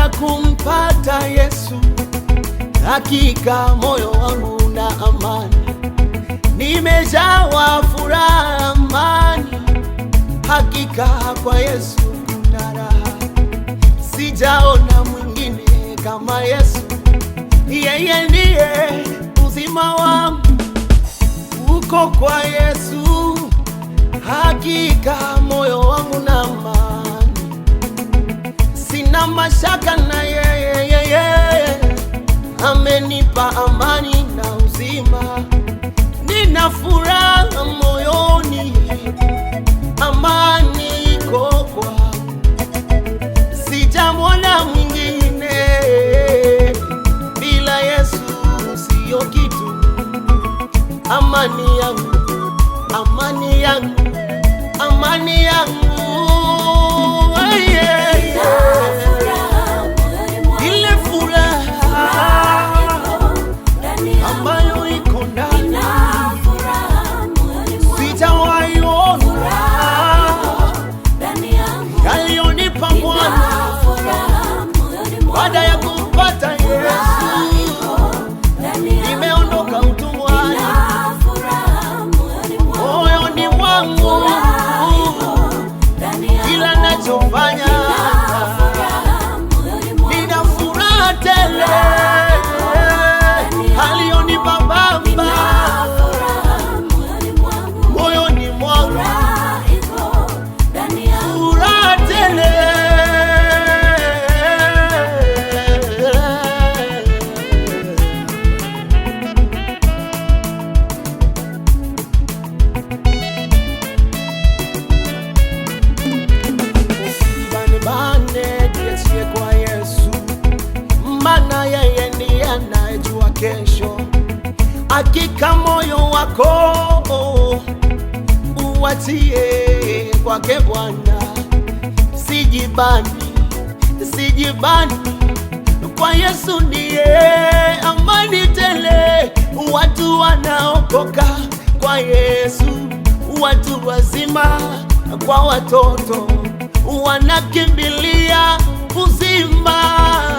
ya kumpata Yesu, hakika moyo wangu na amani, nimejawa furaha amani, hakika kwa Yesu kuna raha, sijaona mwingine kama Yesu, yeye ndiye uzima wangu, uko kwa Yesu hakika mashaka na yeye ye, ye. Amenipa amani na uzima, nina furaha moyoni, amani iko kwa, sijamwona mwingine bila Yesu, siyo kitu. Amani yangu, amani yangu, amani yangu hakika moyo wako uwatie kwake Bwana, sijibani, sijibani kwa Yesu ndiye amani tele. Watu wanaokoka kwa Yesu, watu wazima kwa watoto wanakimbilia uzima.